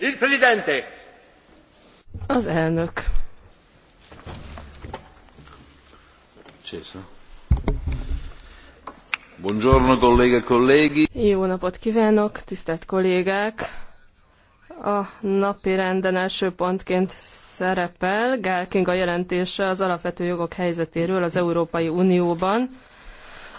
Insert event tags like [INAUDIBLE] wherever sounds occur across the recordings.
Il Presidente. Az elnök. César. Buongiorno, kollége, e Jó napot kívánok, tisztelt kollégák! A napi renden első pontként szerepel Gál Kinga jelentése az alapvető jogok helyzetéről az Európai Unióban.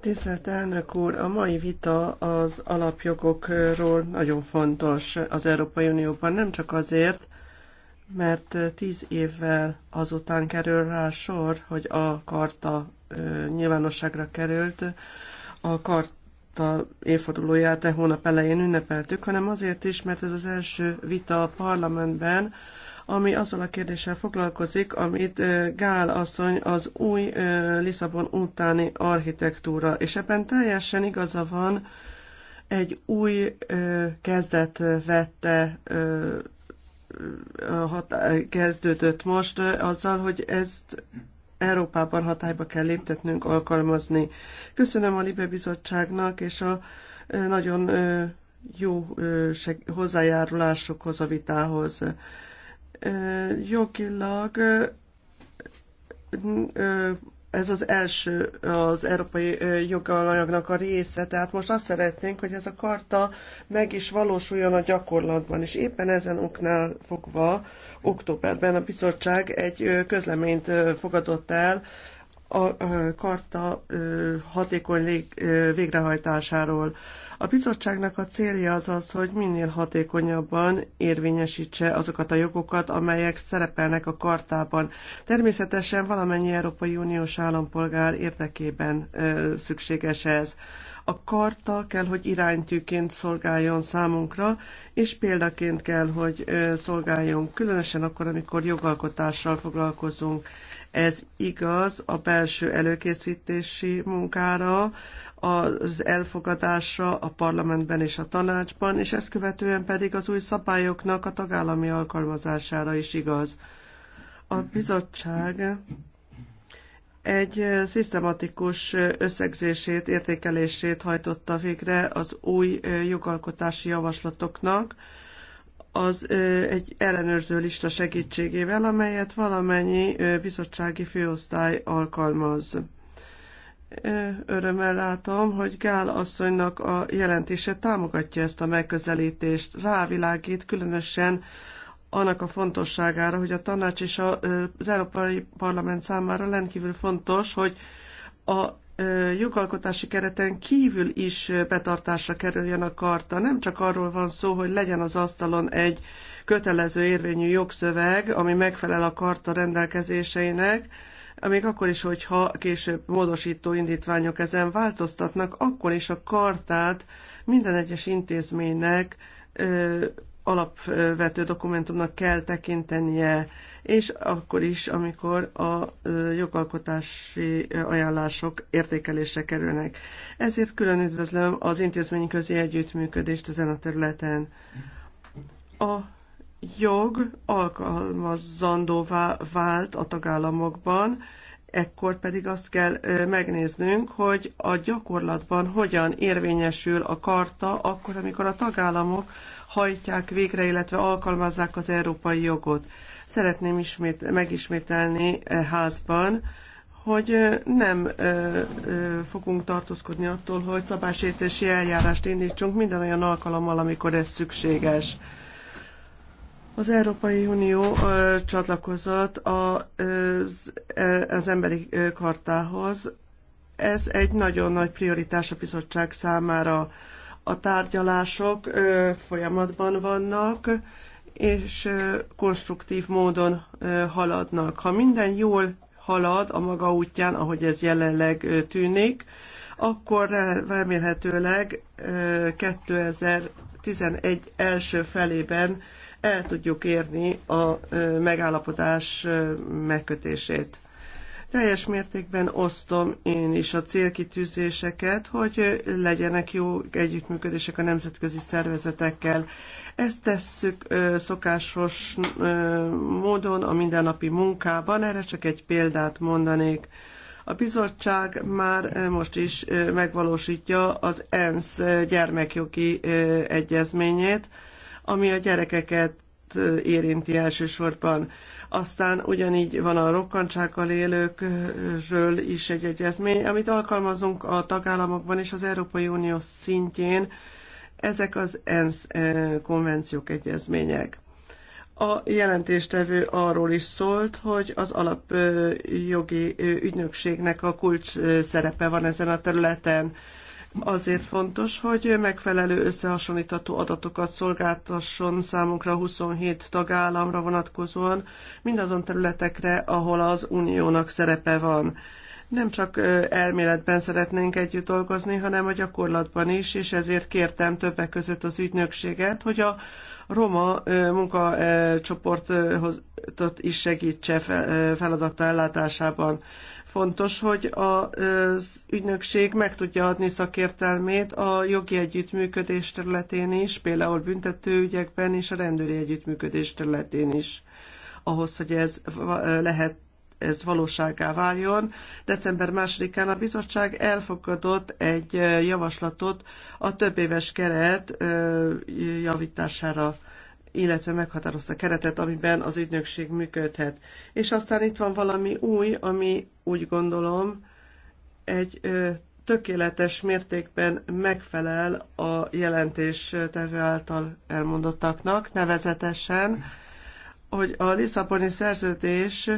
Tisztelt elnök úr, a mai vita az alapjogokról nagyon fontos az Európai Unióban, nem csak azért, mert tíz évvel azután kerül rá sor, hogy a karta nyilvánosságra került, a karta évfordulóját e hónap elején ünnepeltük, hanem azért is, mert ez az első vita a parlamentben, ami azzal a kérdéssel foglalkozik, amit Gál asszony az új Lisszabon utáni architektúra, és ebben teljesen igaza van, egy új kezdet vette kezdődött most azzal, hogy ezt Európában hatályba kell léptetnünk, alkalmazni. Köszönöm a Libe Bizottságnak és a nagyon jó hozzájárulásokhoz a vitához jogilag ez az első az európai jogalanyagnak a része, tehát most azt szeretnénk, hogy ez a karta meg is valósuljon a gyakorlatban, és éppen ezen oknál fogva októberben a bizottság egy közleményt fogadott el a karta hatékony végrehajtásáról. A bizottságnak a célja az az, hogy minél hatékonyabban érvényesítse azokat a jogokat, amelyek szerepelnek a kartában. Természetesen valamennyi Európai Uniós állampolgár érdekében szükséges ez. A karta kell, hogy iránytűként szolgáljon számunkra, és példaként kell, hogy szolgáljon, különösen akkor, amikor jogalkotással foglalkozunk ez igaz a belső előkészítési munkára, az elfogadásra a parlamentben és a tanácsban, és ezt követően pedig az új szabályoknak a tagállami alkalmazására is igaz. A bizottság egy szisztematikus összegzését, értékelését hajtotta végre az új jogalkotási javaslatoknak, az egy ellenőrző lista segítségével, amelyet valamennyi bizottsági főosztály alkalmaz. Örömmel látom, hogy Gál asszonynak a jelentése támogatja ezt a megközelítést, rávilágít különösen annak a fontosságára, hogy a tanács és az Európai Parlament számára rendkívül fontos, hogy a jogalkotási kereten kívül is betartásra kerüljön a karta. Nem csak arról van szó, hogy legyen az asztalon egy kötelező érvényű jogszöveg, ami megfelel a karta rendelkezéseinek, még akkor is, hogyha később módosító indítványok ezen változtatnak, akkor is a kartát minden egyes intézménynek ö, alapvető dokumentumnak kell tekintenie és akkor is, amikor a jogalkotási ajánlások értékelésre kerülnek. Ezért külön üdvözlöm az intézményi intézményközi együttműködést ezen a területen. A jog alkalmazandóvá vált a tagállamokban, ekkor pedig azt kell megnéznünk, hogy a gyakorlatban hogyan érvényesül a karta akkor, amikor a tagállamok hajtják végre, illetve alkalmazzák az európai jogot. Szeretném ismét, megismételni eh, házban, hogy eh, nem ö, eh, ö, fogunk tartózkodni attól, hogy szabásértési eljárást indítsunk minden olyan alkalommal, amikor ez szükséges. Az Európai Unió ö, csatlakozott a, ö, az, ö, az emberi ö, kartához. Ez egy nagyon nagy prioritás a bizottság számára. A tárgyalások ö, folyamatban vannak. Ö, és konstruktív módon haladnak. Ha minden jól halad a maga útján, ahogy ez jelenleg tűnik, akkor remélhetőleg 2011 első felében el tudjuk érni a megállapodás megkötését. Teljes mértékben osztom én is a célkitűzéseket, hogy legyenek jó együttműködések a nemzetközi szervezetekkel. Ezt tesszük szokásos módon a mindennapi munkában, erre csak egy példát mondanék. A bizottság már most is megvalósítja az ENSZ gyermekjogi egyezményét, ami a gyerekeket érinti elsősorban. Aztán ugyanígy van a rokkantsággal élőkről is egy egyezmény, amit alkalmazunk a tagállamokban és az Európai Unió szintjén. Ezek az ENSZ eh, konvenciók, egyezmények. A jelentéstevő arról is szólt, hogy az alapjogi eh, eh, ügynökségnek a kulcs szerepe van ezen a területen. Azért fontos, hogy megfelelő összehasonlítható adatokat szolgáltasson számunkra 27 tagállamra vonatkozóan, mindazon területekre, ahol az uniónak szerepe van nem csak elméletben szeretnénk együtt dolgozni, hanem a gyakorlatban is, és ezért kértem többek között az ügynökséget, hogy a roma munkacsoportot is segítse feladata ellátásában. Fontos, hogy az ügynökség meg tudja adni szakértelmét a jogi együttműködés területén is, például büntetőügyekben és a rendőri együttműködés területén is, ahhoz, hogy ez lehet ez valóságá váljon. December 2-án a bizottság elfogadott egy javaslatot a több éves keret javítására illetve meghatározta keretet, amiben az ügynökség működhet. És aztán itt van valami új, ami úgy gondolom egy ö, tökéletes mértékben megfelel a jelentés tevő által elmondottaknak, nevezetesen, hogy a Lisszaboni szerződés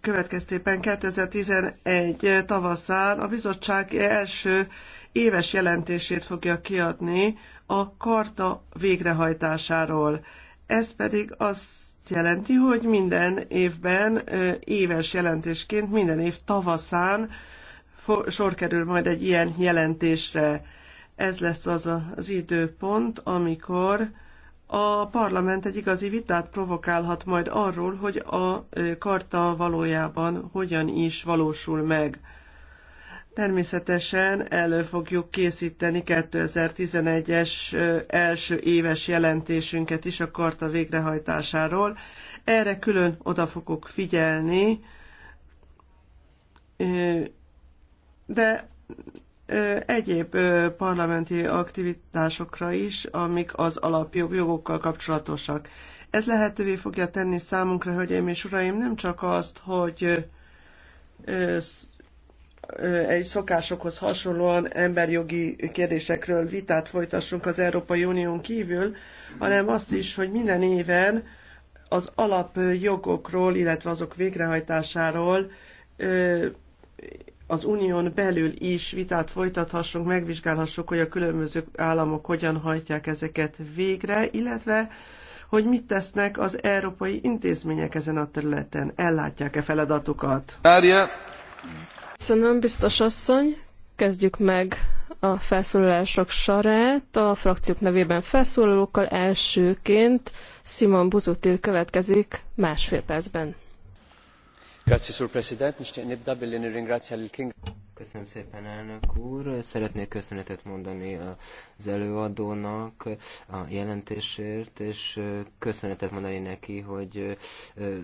következtében 2011 tavaszán a bizottság első éves jelentését fogja kiadni a karta végrehajtásáról. Ez pedig azt jelenti, hogy minden évben éves jelentésként, minden év tavaszán sor kerül majd egy ilyen jelentésre. Ez lesz az az időpont, amikor a parlament egy igazi vitát provokálhat majd arról, hogy a karta valójában hogyan is valósul meg. Természetesen elő fogjuk készíteni 2011-es első éves jelentésünket is a karta végrehajtásáról. Erre külön oda fogok figyelni, de egyéb parlamenti aktivitásokra is, amik az alapjogokkal kapcsolatosak. Ez lehetővé fogja tenni számunkra, hölgyeim és uraim, nem csak azt, hogy egy szokásokhoz hasonlóan emberjogi kérdésekről vitát folytassunk az Európai Unión kívül, hanem azt is, hogy minden éven az alapjogokról, illetve azok végrehajtásáról az unión belül is vitát folytathassunk, megvizsgálhassuk, hogy a különböző államok hogyan hajtják ezeket végre, illetve hogy mit tesznek az európai intézmények ezen a területen, ellátják-e feladatukat. Mária. Köszönöm, biztos asszony. Kezdjük meg a felszólalások sarát. A frakciók nevében felszólalókkal elsőként Simon Buzutil következik másfél percben. Köszönöm szépen, elnök úr. Szeretnék köszönetet mondani az előadónak a jelentésért, és köszönetet mondani neki, hogy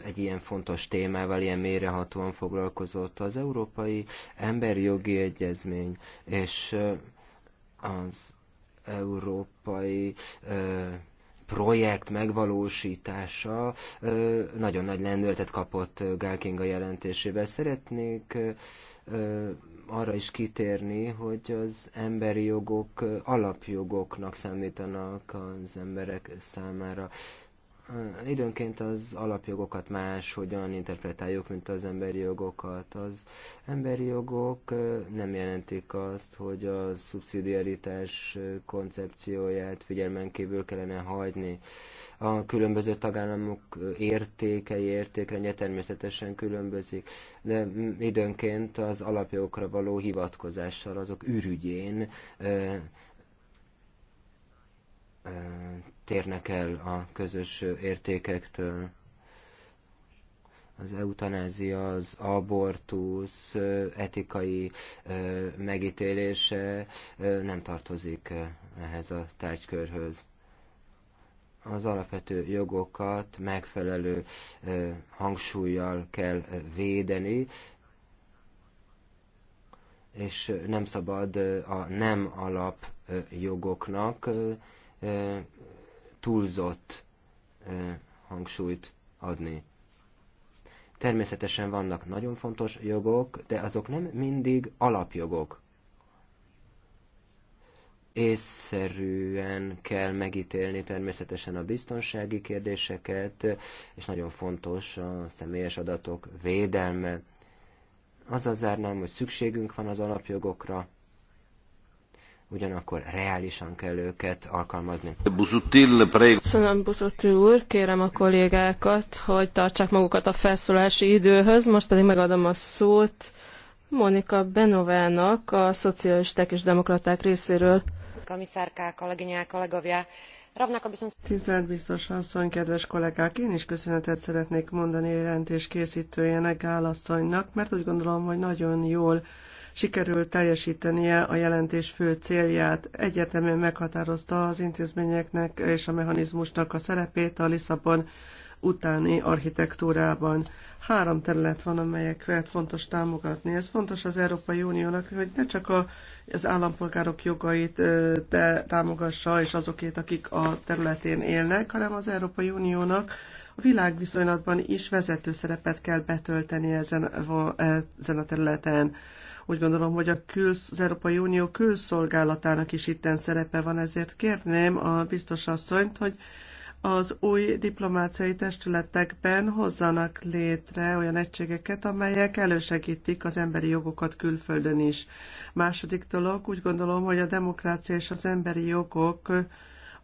egy ilyen fontos témával, ilyen mélyrehatóan foglalkozott az Európai Emberjogi Egyezmény, és az Európai projekt megvalósítása nagyon nagy lendületet kapott Gálkinga jelentésével. Szeretnék arra is kitérni, hogy az emberi jogok alapjogoknak számítanak az emberek számára időnként az alapjogokat más hogyan interpretáljuk, mint az emberi jogokat. Az emberi jogok nem jelentik azt, hogy a szubszidiaritás koncepcióját figyelmen kívül kellene hagyni. A különböző tagállamok értékei, értékrendje természetesen különbözik, de időnként az alapjogokra való hivatkozással azok ürügyén térnek el a közös értékektől. Az eutanázia, az abortusz etikai megítélése nem tartozik ehhez a tárgykörhöz az alapvető jogokat megfelelő hangsúlyjal kell védeni, és nem szabad a nem alap jogoknak túlzott hangsúlyt adni. Természetesen vannak nagyon fontos jogok, de azok nem mindig alapjogok. Észszerűen kell megítélni természetesen a biztonsági kérdéseket, és nagyon fontos a személyes adatok védelme. Azzal zárnám, hogy szükségünk van az alapjogokra, ugyanakkor reálisan kell őket alkalmazni. Köszönöm, Buzuti úr, kérem a kollégákat, hogy tartsák magukat a felszólási időhöz, most pedig megadom a szót Monika Benovának, a szocialisták és demokraták részéről. Komisárká, kolegyňák, kolegovia, Tisztelt biztos asszony, kedves kollégák, én is köszönetet szeretnék mondani a jelentés készítőjének, Gálasszonynak, mert úgy gondolom, hogy nagyon jól sikerült teljesítenie a jelentés fő célját. Egyértelműen meghatározta az intézményeknek és a mechanizmusnak a szerepét a Lisszabon utáni architektúrában. Három terület van, amelyeket fontos támogatni. Ez fontos az Európai Uniónak, hogy ne csak a, az állampolgárok jogait de támogassa, és azokét, akik a területén élnek, hanem az Európai Uniónak a világviszonylatban is vezető szerepet kell betölteni ezen, ezen a területen. Úgy gondolom, hogy a külsz, az Európai Unió külszolgálatának is itten szerepe van, ezért kérném a biztos asszonyt, hogy az új diplomáciai testületekben hozzanak létre olyan egységeket, amelyek elősegítik az emberi jogokat külföldön is. Második dolog, úgy gondolom, hogy a demokrácia és az emberi jogok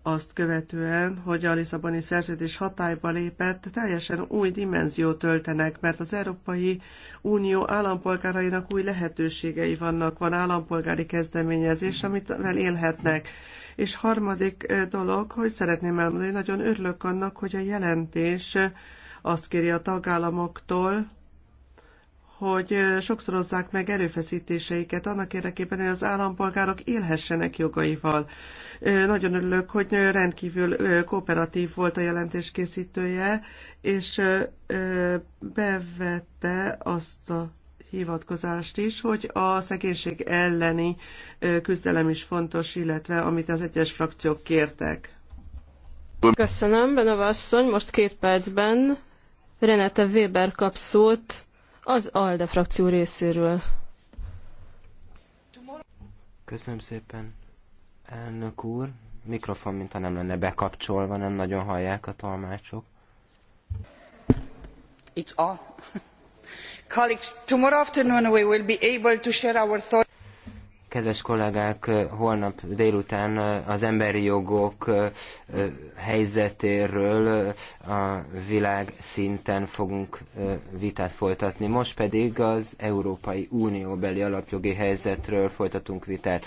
azt követően, hogy a Lisszaboni szerződés hatályba lépett, teljesen új dimenziót töltenek, mert az Európai Unió állampolgárainak új lehetőségei vannak, van állampolgári kezdeményezés, amit élhetnek. És harmadik dolog, hogy szeretném elmondani, nagyon örülök annak, hogy a jelentés azt kéri a tagállamoktól, hogy sokszorozzák meg erőfeszítéseiket annak érdekében, hogy az állampolgárok élhessenek jogaival. Nagyon örülök, hogy rendkívül kooperatív volt a jelentés készítője, és bevette azt a hivatkozást is, hogy a szegénység elleni küzdelem is fontos, illetve amit az egyes frakciók kértek. Köszönöm, Benova asszony, most két percben Renete Weber kap szót az ALDE frakció részéről. Köszönöm szépen, elnök úr. Mikrofon, mintha nem lenne bekapcsolva, nem nagyon hallják a tolmácsok. It's on. [LAUGHS] Colleagues, tomorrow afternoon we will be able to share our thoughts. Kedves kollégák, holnap délután az emberi jogok helyzetéről a világ szinten fogunk vitát folytatni. Most pedig az Európai Unió beli alapjogi helyzetről folytatunk vitát.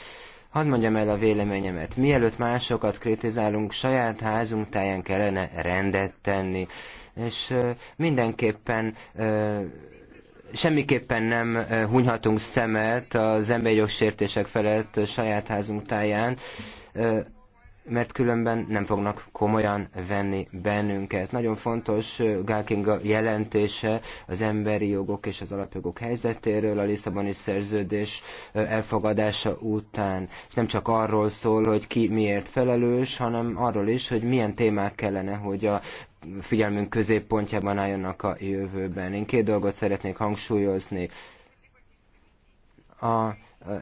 Hadd mondjam el a véleményemet. Mielőtt másokat kritizálunk, saját házunk táján kellene rendet tenni. És mindenképpen semmiképpen nem eh, hunyhatunk szemet az emberi jogsértések felett saját házunk táján, eh, mert különben nem fognak komolyan venni bennünket. Nagyon fontos eh, Gálkinga jelentése az emberi jogok és az alapjogok helyzetéről a Lisszaboni szerződés elfogadása után. És nem csak arról szól, hogy ki miért felelős, hanem arról is, hogy milyen témák kellene, hogy a figyelmünk középpontjában álljanak a jövőben. Én két dolgot szeretnék hangsúlyozni. A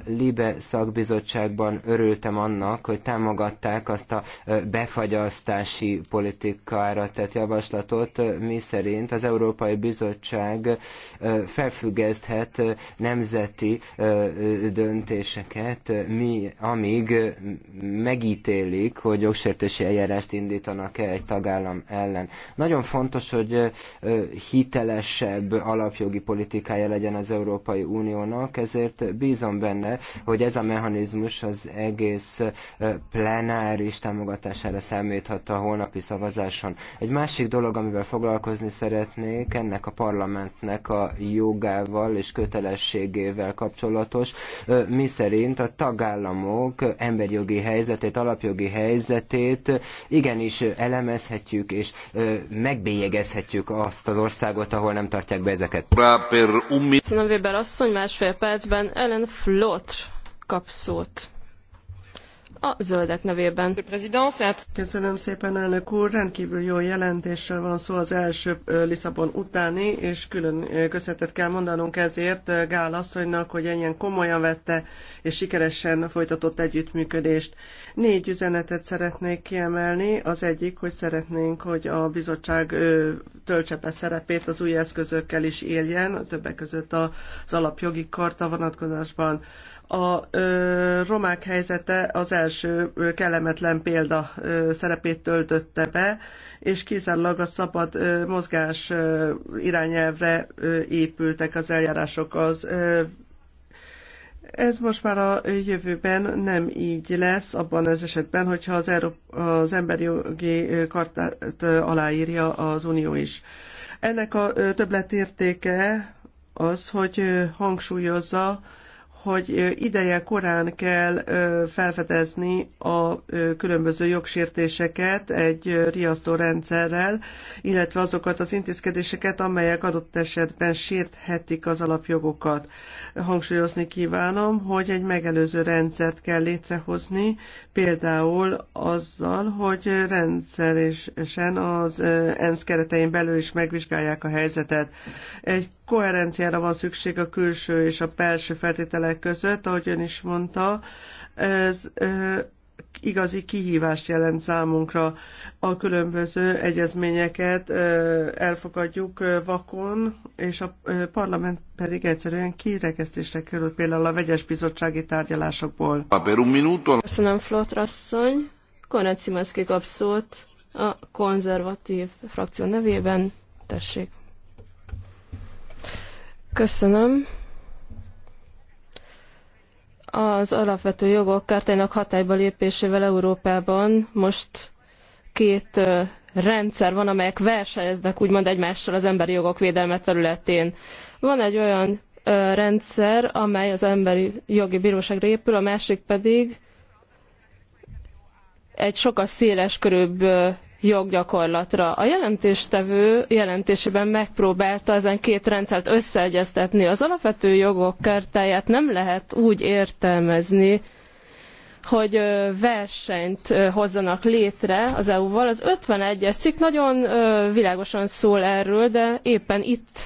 Libe szakbizottságban örültem annak, hogy támogatták azt a befagyasztási politikára tett javaslatot, mi szerint az Európai Bizottság felfüggeszthet nemzeti döntéseket, mi, amíg megítélik, hogy jogsértési eljárást indítanak-e egy tagállam ellen. Nagyon fontos, hogy hitelesebb alapjogi politikája legyen az Európai Uniónak, ezért bízom benne, benne, hogy ez a mechanizmus az egész plenáris támogatására számíthat a holnapi szavazáson. Egy másik dolog, amivel foglalkozni szeretnék, ennek a parlamentnek a jogával és kötelességével kapcsolatos, mi szerint a tagállamok emberjogi helyzetét, alapjogi helyzetét igenis elemezhetjük és megbélyegezhetjük azt az országot, ahol nem tartják be ezeket. Köszönöm Weber asszony, másfél percben Ellen fl. Lotr kap a zöldek nevében. Köszönöm szépen, elnök úr. Rendkívül jó jelentésről van szó az első Lisszabon utáni, és külön köszönetet kell mondanunk ezért Gál asszonynak, hogy ennyien komolyan vette és sikeresen folytatott együttműködést. Négy üzenetet szeretnék kiemelni. Az egyik, hogy szeretnénk, hogy a bizottság töltse be szerepét, az új eszközökkel is éljen, többek között az alapjogi karta vonatkozásban a ö, romák helyzete az első ö, kellemetlen példa ö, szerepét töltötte be, és kizárólag a szabad ö, mozgás ö, irányelvre ö, épültek az eljárások az ö, ez most már a jövőben nem így lesz, abban az esetben, hogyha az, az emberi jogi kartát aláírja az Unió is. Ennek a többletértéke az, hogy hangsúlyozza, hogy ideje korán kell felfedezni a különböző jogsértéseket egy riasztó rendszerrel, illetve azokat az intézkedéseket, amelyek adott esetben sérthetik az alapjogokat. Hangsúlyozni kívánom, hogy egy megelőző rendszert kell létrehozni, például azzal, hogy rendszeresen az ENSZ keretein belül is megvizsgálják a helyzetet. Egy koherenciára van szükség a külső és a belső feltételek között, ahogy ön is mondta. Ez igazi kihívást jelent számunkra. A különböző egyezményeket elfogadjuk vakon, és a parlament pedig egyszerűen kirekesztésre kerül például a vegyes bizottsági tárgyalásokból. Köszönöm, Flotrasszony. Konrad Szimanszki kap szót a konzervatív frakció nevében. Tessék. Köszönöm. Az alapvető jogok kártának hatályba lépésével Európában most két rendszer van, amelyek versenyeznek úgymond egymással az emberi jogok védelme területén. Van egy olyan rendszer, amely az emberi jogi bíróságra épül, a másik pedig egy sokkal széles körűbb joggyakorlatra. A jelentéstevő jelentésében megpróbálta ezen két rendszert összeegyeztetni. Az alapvető jogok kártáját nem lehet úgy értelmezni, hogy versenyt hozzanak létre az EU-val. Az 51-es cikk nagyon világosan szól erről, de éppen itt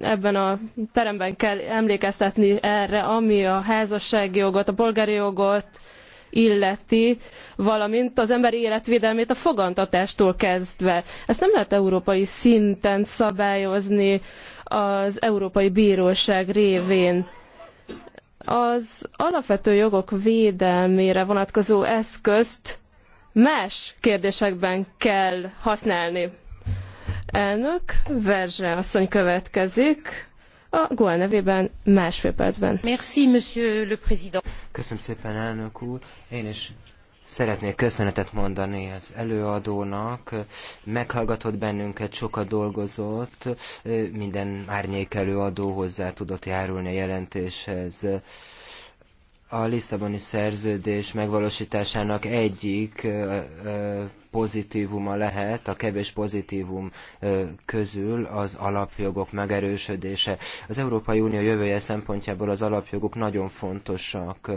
ebben a teremben kell emlékeztetni erre, ami a házassági jogot, a polgári jogot, illeti, valamint az ember életvédelmét a fogantatástól kezdve. Ezt nem lehet európai szinten szabályozni az Európai Bíróság révén. Az alapvető jogok védelmére vonatkozó eszközt más kérdésekben kell használni. Elnök, Verzse asszony következik. A GOL nevében másfél percben. Merci, monsieur le président. Köszönöm szépen, elnök úr. Én is Szeretnék köszönetet mondani az előadónak, meghallgatott bennünket, sokat dolgozott, minden árnyék előadó hozzá tudott járulni a jelentéshez. A Lisszaboni szerződés megvalósításának egyik pozitívuma lehet a kevés pozitívum közül az alapjogok megerősödése. Az Európai Unió jövője szempontjából az alapjogok nagyon fontosak.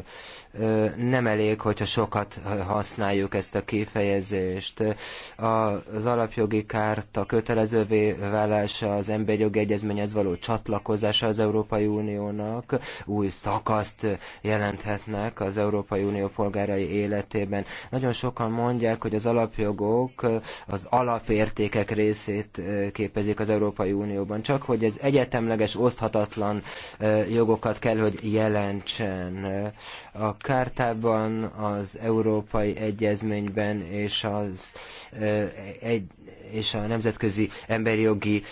Nem elég, hogyha sokat használjuk ezt a kifejezést. Az alapjogi a kötelezővé válása, az emberi jogi egyezményhez való csatlakozása az Európai Uniónak új szakaszt jelenthetnek az Európai Unió polgárai életében. Nagyon sokan mondják, hogy az alapjogok alapjogok az alapértékek részét képezik az Európai Unióban, csak hogy ez egyetemleges, oszthatatlan jogokat kell, hogy jelentsen. A kártában, az Európai Egyezményben és, az, egy, és a Nemzetközi Emberi Jogi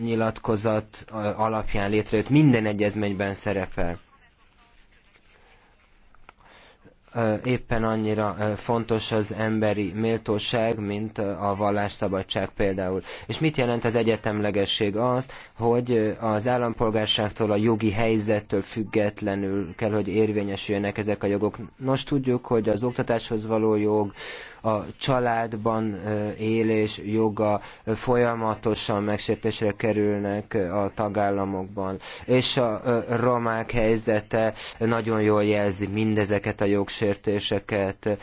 nyilatkozat alapján létrejött minden egyezményben szerepel éppen annyira fontos az emberi méltóság, mint a vallásszabadság például. És mit jelent az egyetemlegesség az, hogy az állampolgárságtól, a jogi helyzettől függetlenül kell, hogy érvényesüljenek ezek a jogok. Nos, tudjuk, hogy az oktatáshoz való jog, a családban élés joga folyamatosan megsértésre kerülnek a tagállamokban, és a romák helyzete nagyon jól jelzi mindezeket a jogsértéseket.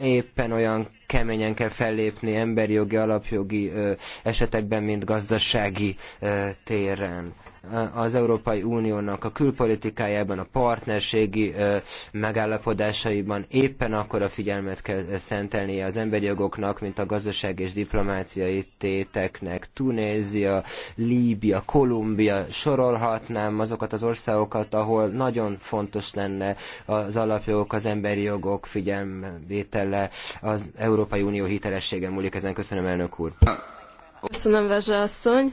Éppen olyan keményen kell fellépni emberi jogi, alapjogi esetekben, mint gazdasági téren az Európai Uniónak a külpolitikájában, a partnerségi megállapodásaiban éppen akkor a figyelmet kell szentelnie az emberi jogoknak, mint a gazdaság és diplomáciai téteknek. Tunézia, Líbia, Kolumbia, sorolhatnám azokat az országokat, ahol nagyon fontos lenne az alapjogok, az emberi jogok figyelmvétele, az Európai Unió hitelessége múlik ezen. Köszönöm, elnök úr. Köszönöm, Vezse asszony.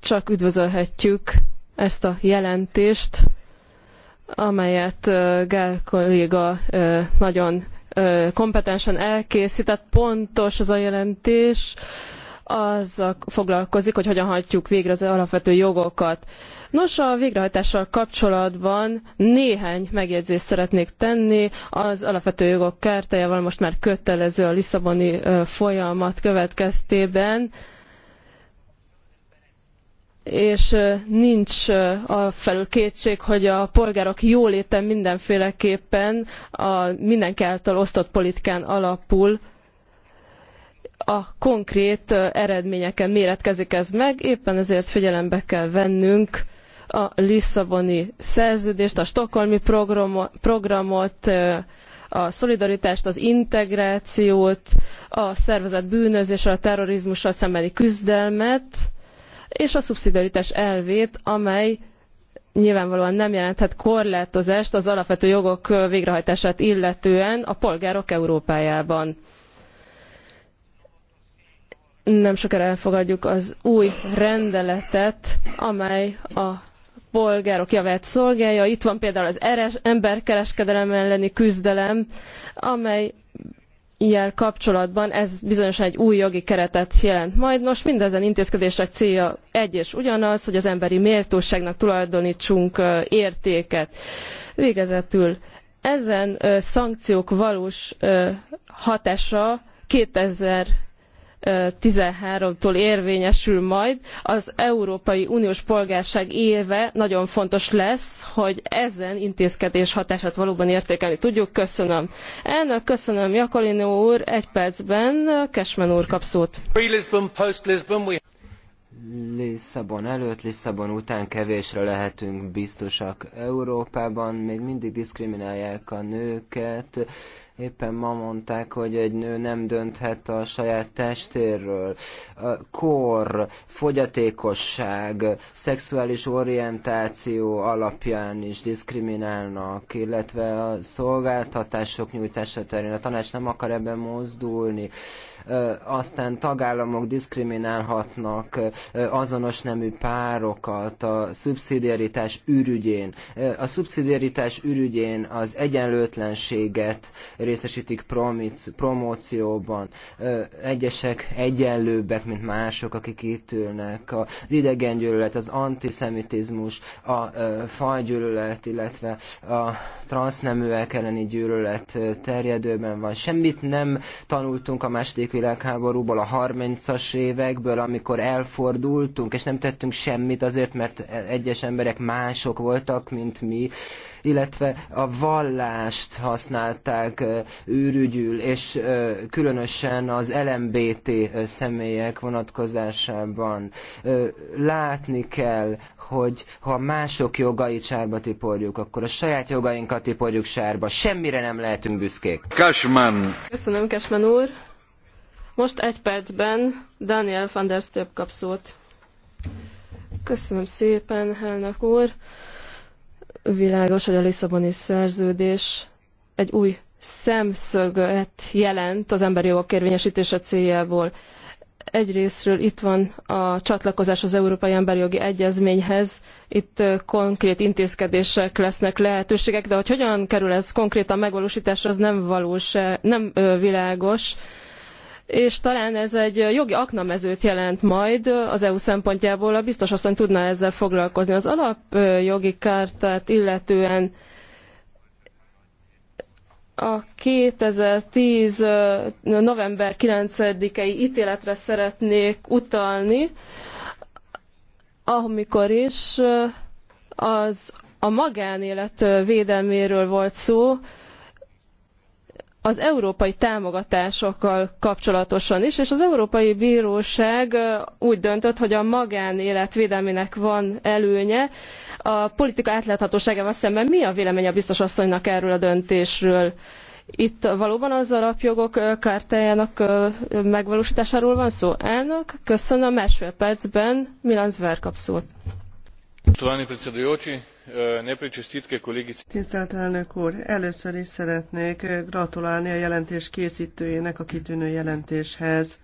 csak üdvözölhetjük ezt a jelentést, amelyet Gál kolléga nagyon kompetensen elkészített. Pontos az a jelentés, azzal foglalkozik, hogy hogyan hajtjuk végre az alapvető jogokat. Nos, a végrehajtással kapcsolatban néhány megjegyzést szeretnék tenni. Az alapvető jogok kártájával most már kötelező a Lisszaboni folyamat következtében és nincs a felül kétség, hogy a polgárok jóléte mindenféleképpen a mindenki által osztott politikán alapul a konkrét eredményeken méretkezik ez meg, éppen ezért figyelembe kell vennünk a Lisszaboni szerződést, a Stockholmi programot, a szolidaritást, az integrációt, a szervezet bűnözéssel, a terrorizmussal szembeni küzdelmet, és a szubszidiaritás elvét, amely nyilvánvalóan nem jelenthet korlátozást az alapvető jogok végrehajtását illetően a polgárok Európájában. Nem sokára elfogadjuk az új rendeletet, amely a polgárok javát szolgálja. Itt van például az emberkereskedelem elleni küzdelem, amely ilyen kapcsolatban ez bizonyosan egy új jogi keretet jelent majd. Nos, mindezen intézkedések célja egy és ugyanaz, hogy az emberi méltóságnak tulajdonítsunk értéket. Végezetül ezen szankciók valós hatása 2000 13-tól érvényesül majd, az Európai Uniós Polgárság éve nagyon fontos lesz, hogy ezen intézkedés hatását valóban értékelni tudjuk. Köszönöm. Elnök, köszönöm iacolino úr, egy percben cashman úr kap szót. Lisszabon előtt, Lisszabon után kevésre lehetünk biztosak Európában, még mindig diszkriminálják a nőket, Éppen ma mondták, hogy egy nő nem dönthet a saját testéről. Kor, fogyatékosság, szexuális orientáció alapján is diszkriminálnak, illetve a szolgáltatások nyújtása terén a tanács nem akar ebben mozdulni aztán tagállamok diszkriminálhatnak azonos nemű párokat a szubszidiaritás ürügyén. A szubszidiaritás ürügyén az egyenlőtlenséget részesítik promócióban. Egyesek egyenlőbbek, mint mások, akik itt ülnek. Az idegengyűlölet, az antiszemitizmus, a fajgyűlölet, illetve a transzneműek elleni gyűlölet terjedőben van. Semmit nem tanultunk a második második világháborúból, a 30-as évekből, amikor elfordultunk, és nem tettünk semmit azért, mert egyes emberek mások voltak, mint mi, illetve a vallást használták űrügyül, és különösen az LMBT személyek vonatkozásában. Látni kell, hogy ha mások jogait sárba tiporjuk, akkor a saját jogainkat tiporjuk sárba. Semmire nem lehetünk büszkék. Kasman! Köszönöm, Kasman úr! Most egy percben Daniel van der Stöp kap szót. Köszönöm szépen, elnök úr. Világos, hogy a Lisszaboni szerződés egy új szemszöget jelent az emberi jogok érvényesítése céljából. Egyrésztről itt van a csatlakozás az Európai Emberi Jogi Egyezményhez, itt konkrét intézkedések lesznek lehetőségek, de hogy hogyan kerül ez konkrétan megvalósításra, az nem valós, nem világos és talán ez egy jogi aknamezőt jelent majd az EU szempontjából, a biztos asszony tudna ezzel foglalkozni. Az alapjogi kártát illetően a 2010. november 9-i ítéletre szeretnék utalni, amikor is az a magánélet védelméről volt szó, az európai támogatásokkal kapcsolatosan is, és az Európai Bíróság úgy döntött, hogy a magánélet védelmének van előnye. A politika átláthatóságával szemben mi a véleménye a biztos asszonynak erről a döntésről? Itt valóban az alapjogok kártájának megvalósításáról van szó? Elnök, köszönöm, másfél percben Milan Zver kap szót. Tudani, najprej čestitke kolegici. Tisztelt elnök úr, először is szeretnék gratulálni a jelentés készítőjének a kitűnő jelentéshez.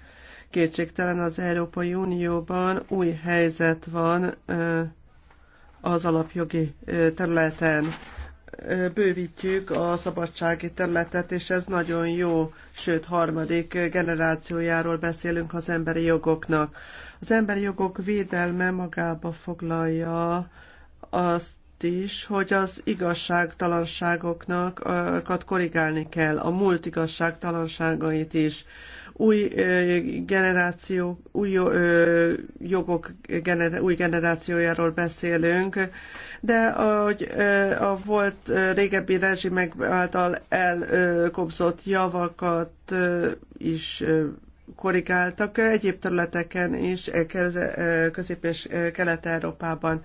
Kétségtelen az Európai Unióban új helyzet van az alapjogi területen bővítjük a szabadsági területet, és ez nagyon jó, sőt harmadik generációjáról beszélünk az emberi jogoknak. Az emberi jogok védelme magába foglalja azt is, hogy az igazságtalanságokat korrigálni kell, a múlt igazságtalanságait is. Új generáció, új jogok gener, új generációjáról beszélünk, de hogy a volt régebbi rezsimek által elkobzott javakat is korrigáltak egyéb területeken is, közép- és kelet-európában.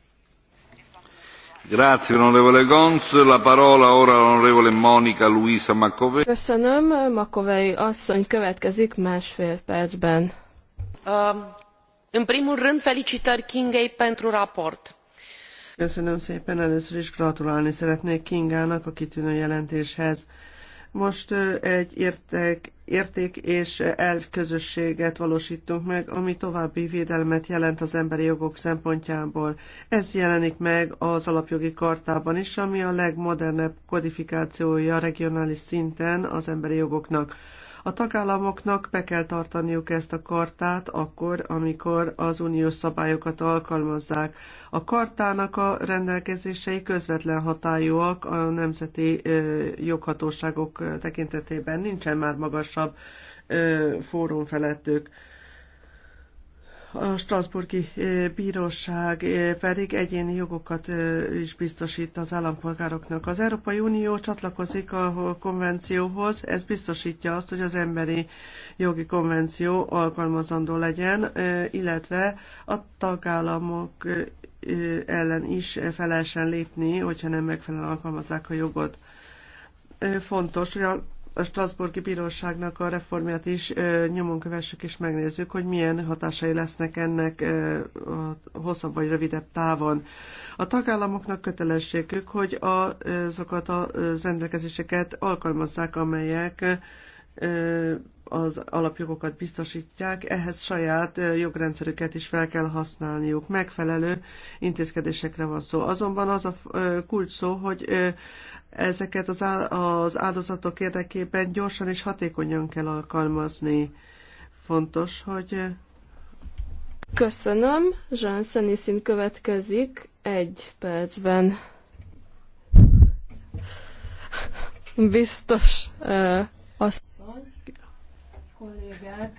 Köszönöm, Makovei asszony következik másfél percben. Um, în primul rând, felicitări Kingei pentru raport. Köszönöm szépen, először is gratulálni szeretnék Kingának a kitűnő jelentéshez. Most egy értek, érték és elv közösséget valósítunk meg, ami további védelmet jelent az emberi jogok szempontjából. Ez jelenik meg az alapjogi kartában is, ami a legmodernebb kodifikációja regionális szinten az emberi jogoknak. A tagállamoknak be kell tartaniuk ezt a kartát akkor, amikor az uniós szabályokat alkalmazzák. A kartának a rendelkezései közvetlen hatályúak a nemzeti joghatóságok tekintetében nincsen már magasabb fórum felettük. A Strasburgi eh, Bíróság eh, pedig egyéni jogokat eh, is biztosít az állampolgároknak. Az Európai Unió csatlakozik a konvencióhoz, ez biztosítja azt, hogy az emberi jogi konvenció alkalmazandó legyen, illetve a tagállamok ellen is felelsen lépni, hogyha nem megfelelően alkalmazzák a jogot. Fontos, hogy a a Strasburgi Bíróságnak a reformját is nyomon kövessük és megnézzük, hogy milyen hatásai lesznek ennek a hosszabb vagy rövidebb távon. A tagállamoknak kötelességük, hogy azokat a rendelkezéseket alkalmazzák, amelyek az alapjogokat biztosítják, ehhez saját jogrendszerüket is fel kell használniuk. Megfelelő intézkedésekre van szó. Azonban az a kulcs szó, hogy ezeket az, áldozatok érdekében gyorsan és hatékonyan kell alkalmazni. Fontos, hogy... Köszönöm. Jean Szeniszin következik egy percben. Biztos uh, azt kollégát.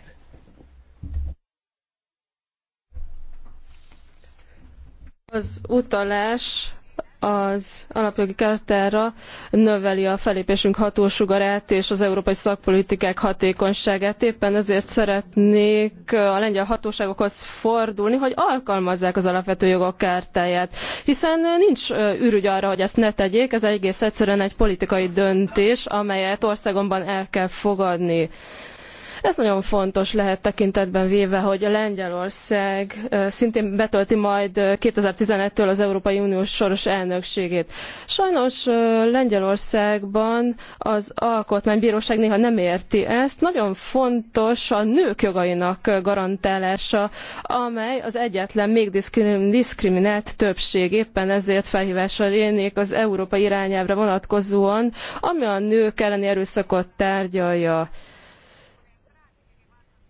Az utalás az alapjogi kártára növeli a felépésünk hatósugarát és az európai szakpolitikák hatékonyságát. Éppen ezért szeretnék a lengyel hatóságokhoz fordulni, hogy alkalmazzák az alapvető jogok kártáját, hiszen nincs ürügy arra, hogy ezt ne tegyék, ez egész egyszerűen egy politikai döntés, amelyet országomban el kell fogadni. Ez nagyon fontos lehet tekintetben véve, hogy a Lengyelország szintén betölti majd 2011-től az Európai Uniós soros elnökségét. Sajnos Lengyelországban az alkotmánybíróság néha nem érti ezt. Nagyon fontos a nők jogainak garantálása, amely az egyetlen még diszkriminált többség. Éppen ezért felhívással élnék az Európai irányelvre vonatkozóan, ami a nők elleni erőszakot tárgyalja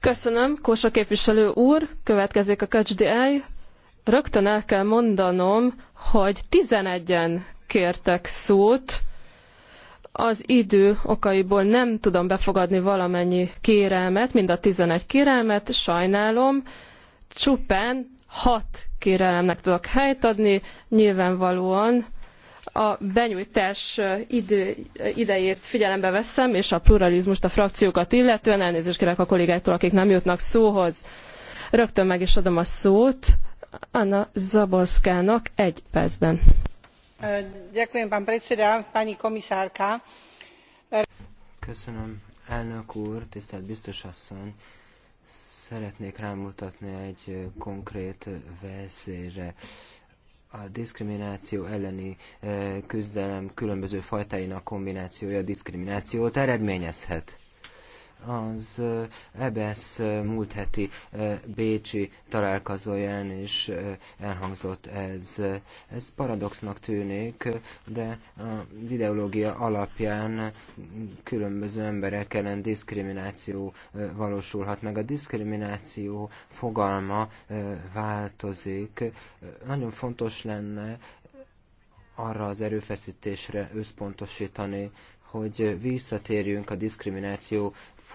Köszönöm, Kósa képviselő úr, következik a KCDI. Rögtön el kell mondanom, hogy 11-en kértek szót, az idő okaiból nem tudom befogadni valamennyi kérelmet, mind a 11 kérelmet, sajnálom, csupán 6 kérelemnek tudok helyt adni, nyilvánvalóan a benyújtás idő, idejét figyelembe veszem, és a pluralizmust a frakciókat illetően elnézést kérek a kollégáktól, akik nem jutnak szóhoz. Rögtön meg is adom a szót Anna Zaborskának egy percben. Ďakujem, pán predseda, pani komisárka. Köszönöm, elnök úr, tisztelt biztos asszony. Szeretnék rámutatni egy konkrét veszélyre a diszkrimináció elleni eh, küzdelem különböző fajtáinak kombinációja diszkriminációt eredményezhet. Az EBS múlt heti Bécsi találkozóján is elhangzott ez. Ez paradoxnak tűnik, de az ideológia alapján különböző emberek ellen diszkrimináció valósulhat meg. A diszkrimináció fogalma változik. Nagyon fontos lenne arra az erőfeszítésre összpontosítani, hogy visszatérjünk a diszkrimináció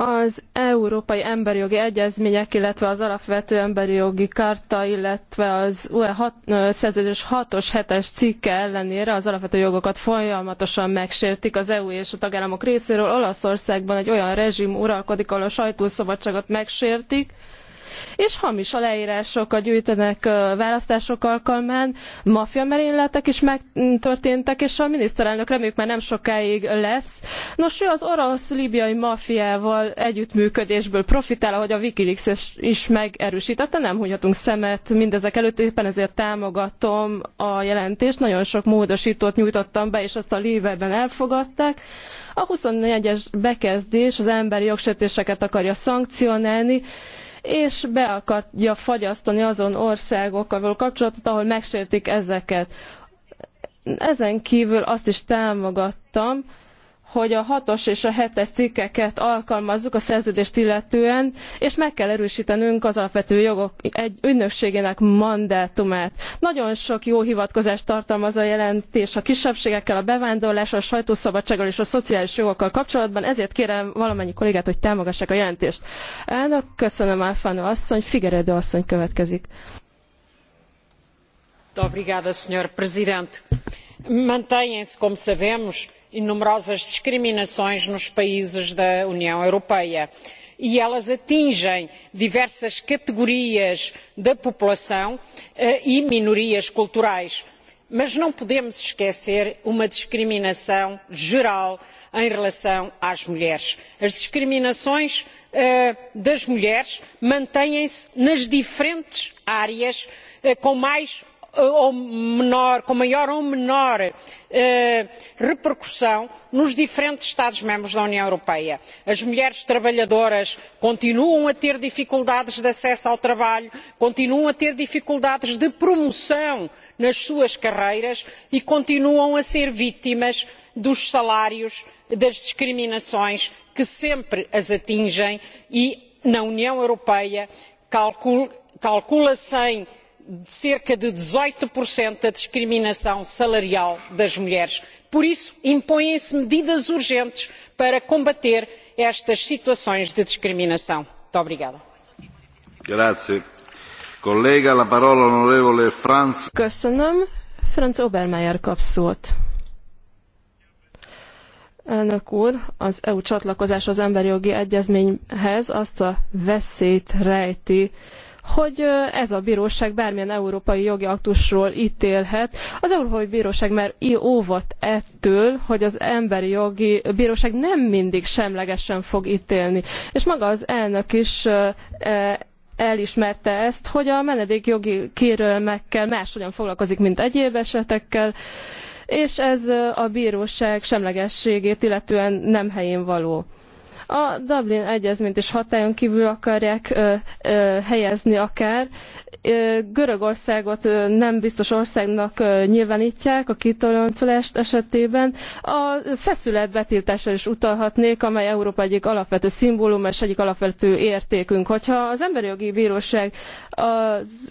az Európai Emberi Jogi Egyezmények, illetve az Alapvető Emberi Jogi Karta, illetve az UE szerződés 6-os, 7-es cikke ellenére az alapvető jogokat folyamatosan megsértik az EU és a tagállamok részéről. Olaszországban egy olyan rezsim uralkodik, ahol a sajtószabadságot megsértik, és hamis aláírásokat gyűjtenek választások alkalmán, maffia merényletek is megtörténtek, és a miniszterelnök reméljük már nem sokáig lesz. Nos, ő az orosz-libiai maffiával együttműködésből profitál, ahogy a Wikileaks is megerősítette, nem hunyhatunk szemet mindezek előtt, éppen ezért támogatom a jelentést, nagyon sok módosítót nyújtottam be, és azt a léveben elfogadták. A 24-es bekezdés az emberi jogsértéseket akarja szankcionálni, és be akarja fagyasztani azon országokkal való kapcsolatot, ahol megsértik ezeket. Ezen kívül azt is támogattam, hogy a hatos és a hetes cikkeket alkalmazzuk a szerződést illetően, és meg kell erősítenünk az alapvető jogok egy ügynökségének mandátumát. Nagyon sok jó hivatkozást tartalmaz a jelentés a kisebbségekkel, a bevándorlással, a sajtószabadsággal és a szociális jogokkal kapcsolatban, ezért kérem valamennyi kollégát, hogy támogassák a jelentést. Elnök, köszönöm Alfano asszony, Figeredő asszony következik. Obrigada, Sr. Presidente. Mantém-se, como sabemos, e numerosas discriminações nos países da união europeia e elas atingem diversas categorias da população eh, e minorias culturais mas não podemos esquecer uma discriminação geral em relação às mulheres. as discriminações eh, das mulheres mantêm se nas diferentes áreas eh, com mais ou menor com maior ou menor eh, repercussão nos diferentes estados membros da união europeia. as mulheres trabalhadoras continuam a ter dificuldades de acesso ao trabalho continuam a ter dificuldades de promoção nas suas carreiras e continuam a ser vítimas dos salários das discriminações que sempre as atingem e na união europeia calcula se em cerca de dezoito da discriminação salarial das mulheres. por isso impõem se medidas urgentes para combater estas situações de discriminação. muito obrigada. Köszönöm. Franz Obermeier kap szót. Elnök úr, az EU csatlakozás az emberi jogi egyezményhez azt a veszélyt rejti, hogy ez a bíróság bármilyen európai jogi aktusról ítélhet. Az Európai Bíróság már óvott ettől, hogy az emberi jogi bíróság nem mindig semlegesen fog ítélni. És maga az elnök is e, elismerte ezt, hogy a menedékjogi kérelmekkel máshogyan foglalkozik, mint egyéb esetekkel, és ez a bíróság semlegességét illetően nem helyén való. A Dublin egyezményt is hatályon kívül akarják ö, ö, helyezni akár. Görögországot nem biztos országnak nyilvánítják a kitoloncolást esetében. A feszület betiltásra is utalhatnék, amely Európa egyik alapvető szimbólum és egyik alapvető értékünk. Hogyha az Emberi Jogi Bíróság az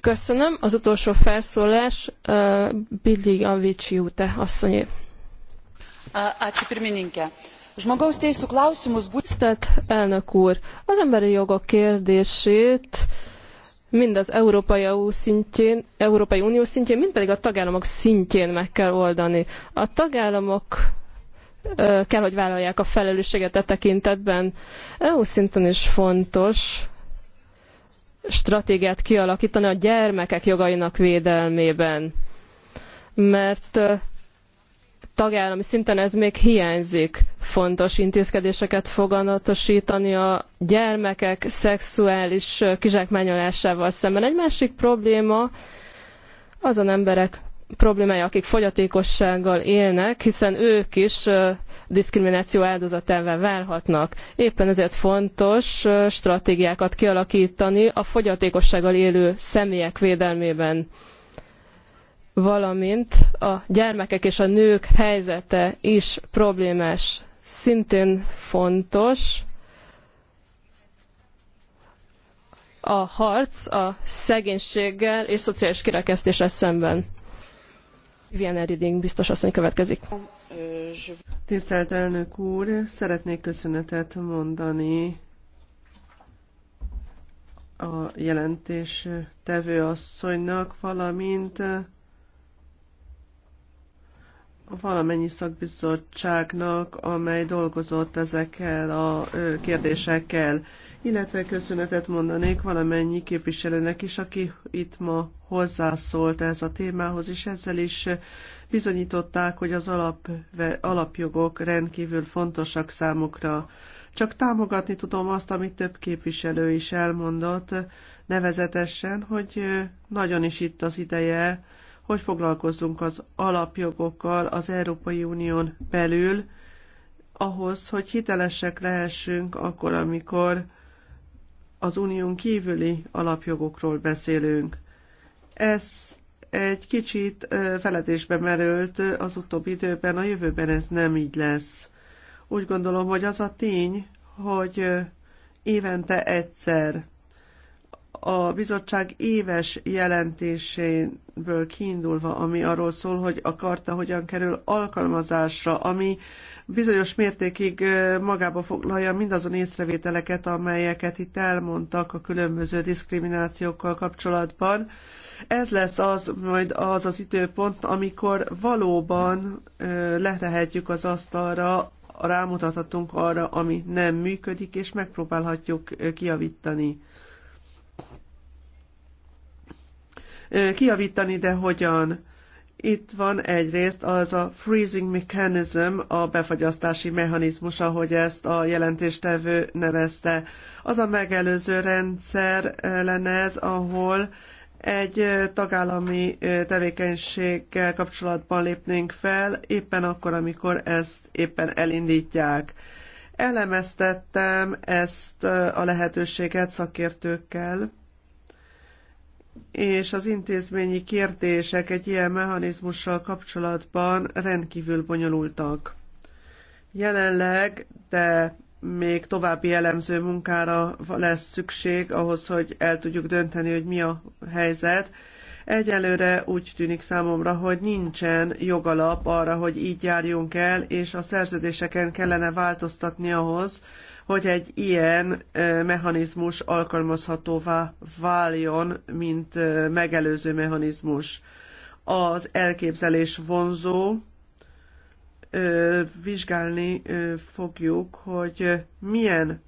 Köszönöm. Az utolsó felszólás uh, Billy Avici Jute asszonyé. Žmogaus teisų klausimus Tisztelt elnök úr, az emberi jogok kérdését mind az Európai, EU szintjén, Európai Unió szintjén, mind pedig a tagállamok szintjén meg kell oldani. A tagállamok uh, kell, hogy vállalják a felelősséget e tekintetben. EU szinten is fontos, stratégiát kialakítani a gyermekek jogainak védelmében. Mert tagállami szinten ez még hiányzik. Fontos intézkedéseket foganatosítani a gyermekek szexuális kizsákmányolásával szemben. Egy másik probléma azon emberek problémája, akik fogyatékossággal élnek, hiszen ők is diszkrimináció áldozatává válhatnak. Éppen ezért fontos stratégiákat kialakítani a fogyatékossággal élő személyek védelmében valamint a gyermekek és a nők helyzete is problémás. Szintén fontos a harc a szegénységgel és szociális kirekesztéssel szemben. Vivian Eriding biztos asszony következik. Tisztelt elnök úr, szeretnék köszönetet mondani a jelentés tevő asszonynak, valamint valamennyi szakbizottságnak, amely dolgozott ezekkel a kérdésekkel, illetve köszönetet mondanék valamennyi képviselőnek is, aki itt ma hozzászólt ez a témához, és ezzel is bizonyították, hogy az alap, alapjogok rendkívül fontosak számukra. Csak támogatni tudom azt, amit több képviselő is elmondott, nevezetesen, hogy nagyon is itt az ideje, hogy foglalkozzunk az alapjogokkal az Európai Unión belül, ahhoz, hogy hitelesek lehessünk akkor, amikor az unión kívüli alapjogokról beszélünk. Ez egy kicsit feledésbe merült az utóbbi időben, a jövőben ez nem így lesz. Úgy gondolom, hogy az a tény, hogy évente egyszer a bizottság éves jelentéséből kiindulva, ami arról szól, hogy a karta hogyan kerül alkalmazásra, ami bizonyos mértékig magába foglalja mindazon észrevételeket, amelyeket itt elmondtak a különböző diszkriminációkkal kapcsolatban, ez lesz az majd az az időpont, amikor valóban letehetjük az asztalra, rámutathatunk arra, ami nem működik, és megpróbálhatjuk kiavítani. Kiavítani, de hogyan? Itt van egyrészt az a freezing mechanism, a befagyasztási mechanizmus, ahogy ezt a jelentéstevő nevezte. Az a megelőző rendszer lenne ez, ahol egy tagállami tevékenységgel kapcsolatban lépnénk fel, éppen akkor, amikor ezt éppen elindítják. Elemeztettem ezt a lehetőséget szakértőkkel, és az intézményi kérdések egy ilyen mechanizmussal kapcsolatban rendkívül bonyolultak. Jelenleg, de még további elemző munkára lesz szükség ahhoz, hogy el tudjuk dönteni, hogy mi a helyzet. Egyelőre úgy tűnik számomra, hogy nincsen jogalap arra, hogy így járjunk el, és a szerződéseken kellene változtatni ahhoz, hogy egy ilyen mechanizmus alkalmazhatóvá váljon, mint megelőző mechanizmus. Az elképzelés vonzó, vizsgálni fogjuk, hogy milyen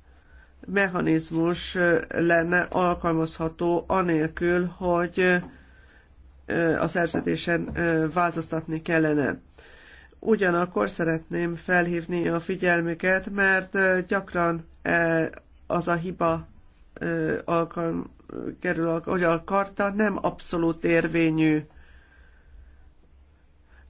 mechanizmus lenne alkalmazható anélkül, hogy a szerződésen változtatni kellene. Ugyanakkor szeretném felhívni a figyelmüket, mert gyakran az a hiba alkalm, kerül, hogy a karta nem abszolút érvényű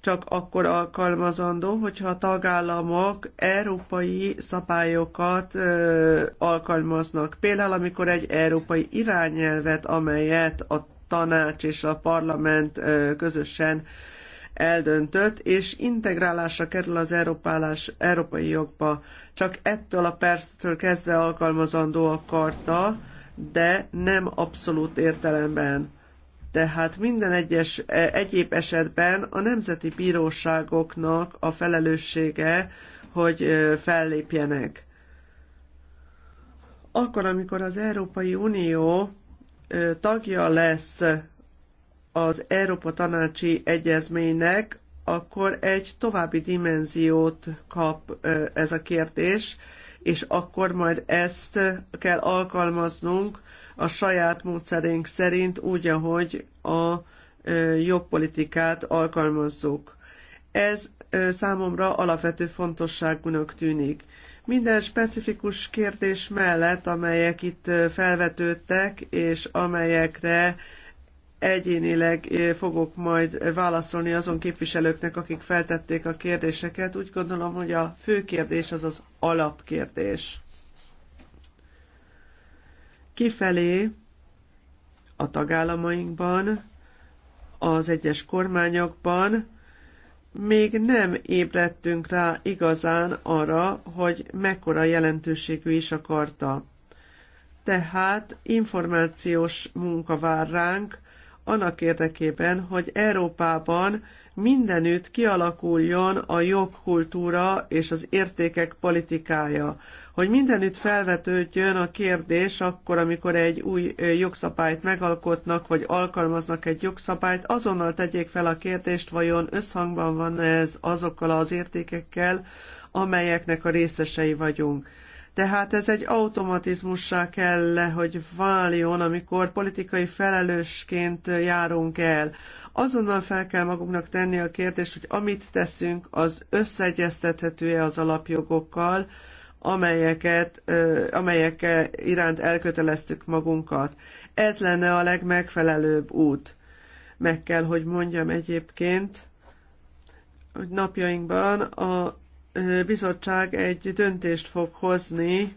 csak akkor alkalmazandó, hogyha a tagállamok európai szabályokat ö, alkalmaznak. Például, amikor egy európai irányelvet, amelyet a tanács és a parlament ö, közösen eldöntött, és integrálásra kerül az európálás, európai jogba. Csak ettől a perctől kezdve alkalmazandó a karta, de nem abszolút értelemben tehát minden egyes e, egyéb esetben a nemzeti bíróságoknak a felelőssége, hogy e, fellépjenek. Akkor, amikor az Európai Unió e, tagja lesz az Európa Tanácsi Egyezménynek, akkor egy további dimenziót kap ez a kérdés, és akkor majd ezt kell alkalmaznunk a saját módszerénk szerint úgy, ahogy a jogpolitikát alkalmazzuk. Ez számomra alapvető fontosságúnak tűnik. Minden specifikus kérdés mellett, amelyek itt felvetődtek, és amelyekre egyénileg fogok majd válaszolni azon képviselőknek, akik feltették a kérdéseket. Úgy gondolom, hogy a fő kérdés az az alapkérdés kifelé a tagállamainkban, az egyes kormányokban még nem ébredtünk rá igazán arra, hogy mekkora jelentőségű is a karta. Tehát információs munka vár ránk, annak érdekében, hogy Európában mindenütt kialakuljon a jogkultúra és az értékek politikája, hogy mindenütt felvetődjön a kérdés akkor, amikor egy új jogszabályt megalkotnak, vagy alkalmaznak egy jogszabályt, azonnal tegyék fel a kérdést, vajon összhangban van ez azokkal az értékekkel, amelyeknek a részesei vagyunk. Tehát ez egy automatizmussá kell hogy váljon, amikor politikai felelősként járunk el. Azonnal fel kell magunknak tenni a kérdést, hogy amit teszünk, az összeegyeztethető-e az alapjogokkal, amelyeket, amelyek iránt elköteleztük magunkat. Ez lenne a legmegfelelőbb út. Meg kell, hogy mondjam egyébként, hogy napjainkban a bizottság egy döntést fog hozni,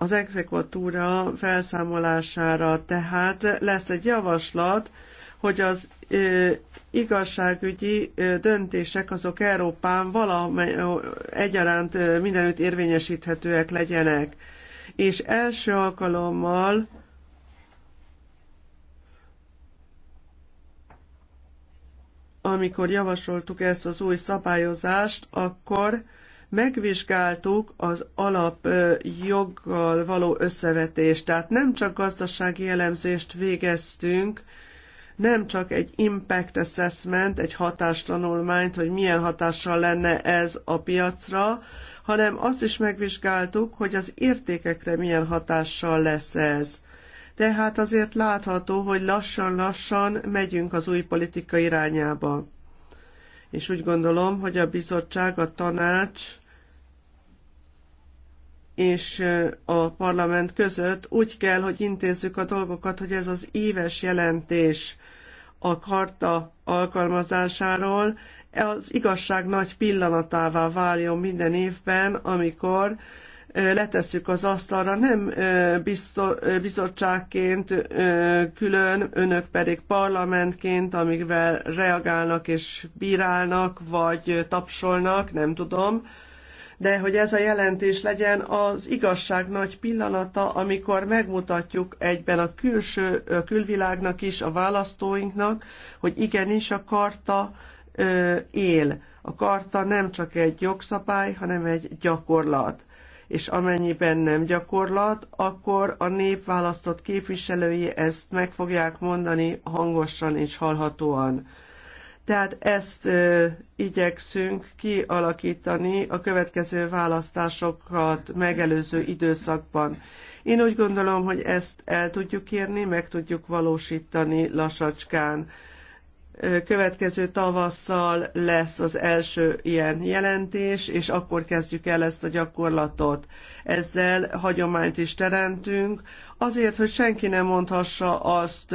az exekvatúra felszámolására. Tehát lesz egy javaslat, hogy az igazságügyi döntések azok Európán valamely egyaránt mindenütt érvényesíthetőek legyenek. És első alkalommal amikor javasoltuk ezt az új szabályozást, akkor megvizsgáltuk az alapjoggal való összevetést. Tehát nem csak gazdasági elemzést végeztünk, nem csak egy impact assessment, egy hatástanulmányt, hogy milyen hatással lenne ez a piacra, hanem azt is megvizsgáltuk, hogy az értékekre milyen hatással lesz ez. Tehát azért látható, hogy lassan-lassan megyünk az új politika irányába. És úgy gondolom, hogy a bizottság, a tanács, és a parlament között úgy kell, hogy intézzük a dolgokat, hogy ez az éves jelentés a karta alkalmazásáról az igazság nagy pillanatává váljon minden évben, amikor letesszük az asztalra, nem bizottságként külön, önök pedig parlamentként, amikvel reagálnak és bírálnak, vagy tapsolnak, nem tudom, de hogy ez a jelentés legyen az igazság nagy pillanata, amikor megmutatjuk egyben a külső a külvilágnak is, a választóinknak, hogy igenis a karta ö, él. A karta nem csak egy jogszabály, hanem egy gyakorlat és amennyiben nem gyakorlat, akkor a nép választott képviselői ezt meg fogják mondani hangosan és hallhatóan. Tehát ezt ö, igyekszünk kialakítani a következő választásokat megelőző időszakban. Én úgy gondolom, hogy ezt el tudjuk érni, meg tudjuk valósítani lassacskán. Következő tavasszal lesz az első ilyen jelentés, és akkor kezdjük el ezt a gyakorlatot. Ezzel hagyományt is teremtünk, azért, hogy senki nem mondhassa azt,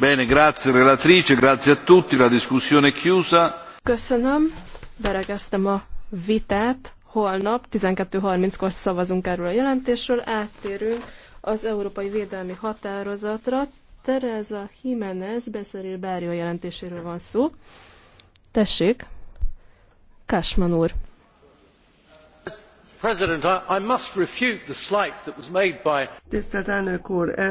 Bene, grazie relatrice, grazie a tutti, la discussione è chiusa. Köszönöm, berekeztem a vitát. Holnap 12.30-kor szavazunk erről a jelentésről, áttérünk az Európai Védelmi Határozatra. Teresa Jimenez beszerül Bárja jelentéséről van szó. Tessék, Kásman úr. President, I, I must refute the slight that was made by... Tisztelt elnök úr,